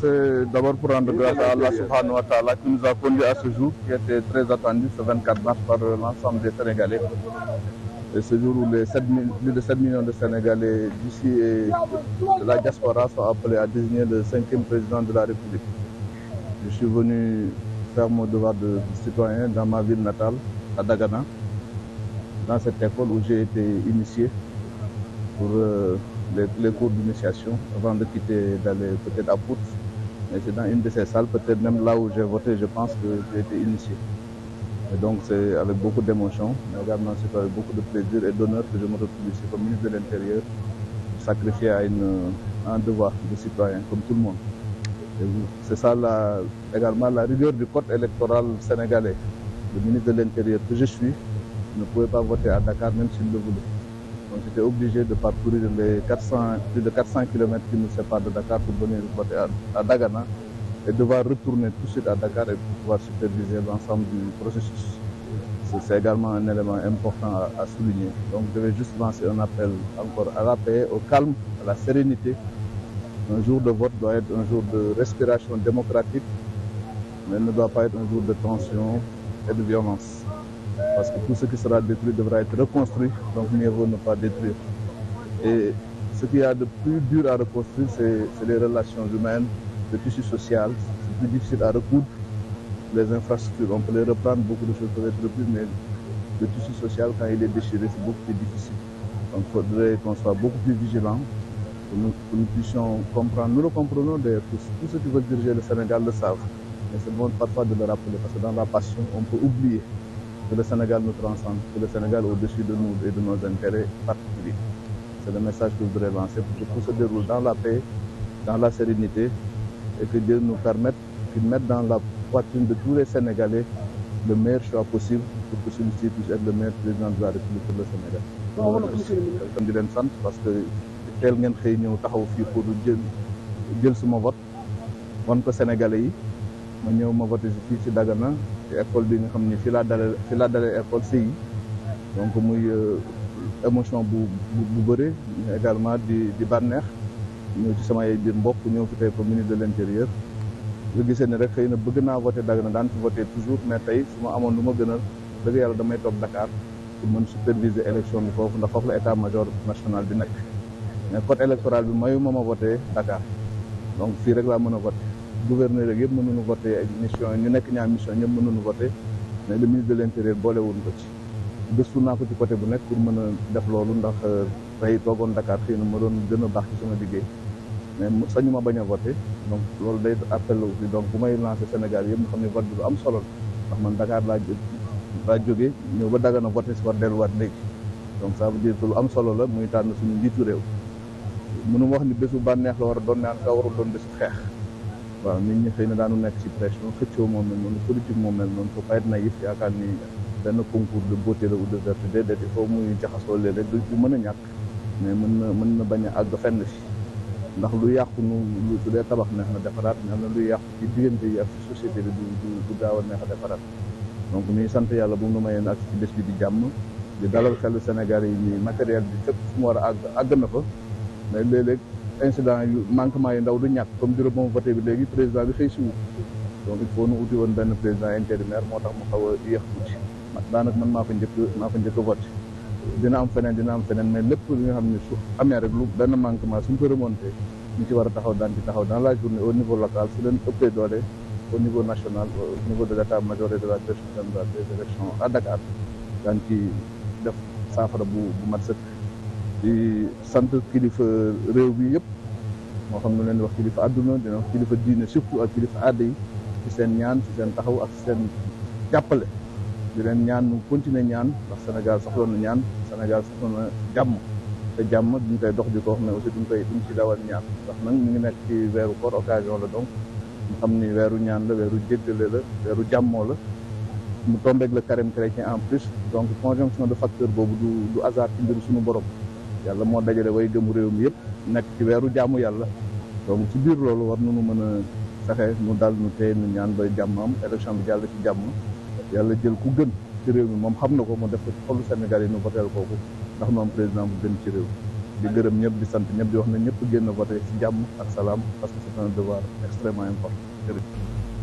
C'est d'abord pour rendre grâce à Allah subhanahu wa qui nous a conduits à ce jour qui était très attendu ce 24 par l'ensemble des Sénégalais. Et ce jour où les plus de millions de Sénégalais d'ici et la diaspora sont appelés à désigner le cinquième président de la République. Je suis venu faire mon devoir de citoyen dans ma ville natale, à Dagana, dans cette école où j'ai été initié pour euh, les, cours d'initiation avant de quitter d'aller peut-être Mais c'est dans une de ces salles, peut-être même là où j'ai voté, je pense que j'ai été initié. Et donc c'est avec beaucoup d'émotion, mais également c'est avec beaucoup de plaisir et d'honneur que je me retrouve ici comme ministre de l'Intérieur, sacrifié à, une, à de citoyen, comme tout le monde. C'est ça la, également la rigueur du code électoral sénégalais. Le ministre de l'Intérieur que je suis ne pouvait pas voter à Dakar même s'il le voulait. Donc j'étais obligé de parcourir les 400, plus de 400 km qui nous séparent de Dakar pour venir voter à, à, Dagana et devoir retourner tout suite à Dakar et pouvoir superviser l'ensemble du processus. C'est également un élément important à, à, souligner. Donc je vais juste lancer un appel encore à la paix, au calme, à la sérénité. Un jour de vote doit être un jour de respiration démocratique, mais ne doit pas être un jour de tension et de violence. Parce que tout ce qui sera détruit devra être reconstruit, donc mieux vaut ne pas détruire. Et ce qu'il a de plus dur à reconstruire, c'est les relations humaines, le tissu social. C'est plus difficile à recoudre. Les infrastructures, on peut les reprendre, beaucoup de choses peuvent être reprises, mais le tissu social, quand il est déchiré, c'est beaucoup plus difficile. Donc il faudrait qu'on plus vigilant, que nous, que nous, Nous le comprenons d'ailleurs tous. Tous qui veulent diriger le Sénégal de le rappeler, parce que dans la passion, que le Sénégal nous transcende, que le Sénégal au-dessus de nos intérêts particuliers. C'est le message que je voudrais lancer pour que tout déroule dans la paix, dans la sérénité et que Dieu nous permette, qu'il mette dans la poitrine de tous les Sénégalais le meilleur choix possible pour que celui-ci puisse être le meilleur président de la République pour le Sénégal. di leen sant parce que teel ngeen xëy ñëw taxaw fii pour jël jël suma vote wan ko Sénégalais yi ma ñëw ma voté si ci Dagana ci école bi nga xam ni fi laa dalee fi laa dalee école fii donc muy euh, émotion bu bu bëri également di di bànneex ñëw ci sama biir mbokk ñëw fi tey comme ministre de l'intérieur rek xëy na bëgg naa voté Dagana daan fi voté toujours mais tey su ma amoon lu ma gën a dëgg yàlla damay toog dakaar pour mën superviser élection bi foofu ndax foofu la état major national bi nekk mais code électoral bi mayu ma ma voté Dakar donc fii rek laa mën a voté gouverneur yëpp mënuñu voté ay mission ñu nekk ñaar mission ñëpp mënuñu voté mais le ministre de l' intérieur boolewuñ ko ci gëstu naa ko ci côté bu nekk pour mën a def loolu ndax euh, tey toogoon Dakar xëy na ma doon gën a baax ci sama liggéey sañu ma bañ a voté donc loolu day appel aussi donc may lancé Sénégal yëpp xam ne vote bi lu am solo la ndax man Dakar laa jóg laa jógee ñëw ba Dagana voté si delluwaat léegi donc ça veut dire lu am solo la muy tànn suñu njiitu réew mënu ma wax ni bésu bànneex la war a doon naan nga warul doon bésu xeex waaw nit ñi xëy na daanu nekk ci pression xëccoo moom mel noonu politique moom mel noonu faut pas être naïf yaakaar ni benn concours de beauté la ou de vertu déedéet il faut muy jaxasoo léeg-léeg du mën a ñàkk mais mën na mën na bañ a àgg fenn fi ndax lu yàqu nu su dee tabax neex na defaraat mais na lu yàqu ci diggante yi ak société bi du du gaaw a neex a defaraat donc ñuy sant yàlla bu mu mayeen ak ci bés bi di jàmm di dalal xelu Sénégal yi nii matériel bi fépp fu mu a àgg àgg incident yu manquement yu ndaw du ñàkk comme bureau ba mu voté bi léegi président bi xëy si wu donc il woon benn président intérimaire moo tax mu xaw a yéex tuuti man maa fa njëkk maa fa njëkk a voté dina am feneen dina am feneen mais lépp li nga xam ne su amee rek lu benn manquement suñ ko remonté ñu ci war a taxaw daan ci taxaw dans la journée au niveau local su leen ëppee doole au niveau national au niveau de l'état-major et de la direction générale des élections à Dakar daan ci def saafara bu bu di sant kilifa réew mi yëpp moo xam ne leen wax kilifa àdduna dina wax kilifa diine surtout ak kilifa aada yi ci seen ñaan ci seen taxaw ak seen jàppale di leen ñaan mu continuer ñaan ndax Sénégal soxla na ñaan Sénégal soxla na jàmm te jàmm duñ koy dox di ko wax ne aussi duñ koy duñ ci dawal ñaan ndax nag ñu ngi nekk ci weeru koor occasion la donc mu xam ni weeru ñaan la weeru jéggale la weeru jàmmoo la mu tombeeg le carême chrétien en plus donc conjonction de facteur boobu du du hasard suñu borom yàlla moo dajale way gëm réew mi yëpp nekk ci weeru jàmm yàlla donc ci biir loolu war nañu mën a fexe mu dal nu téye nu ñaan ba jàmm am élection bi jàll ci jàmm yàlla jël ku gën ci réew mi moom xam na ko mu def ko ci Sénégal yi nu voteel kooku ndax moom président gën ci réew di gërëm ñëpp di sant ñëpp di wax na ñëpp génn voté ci jàmm ak salaam parce que c'est un devoir extrêmement important jërëjëf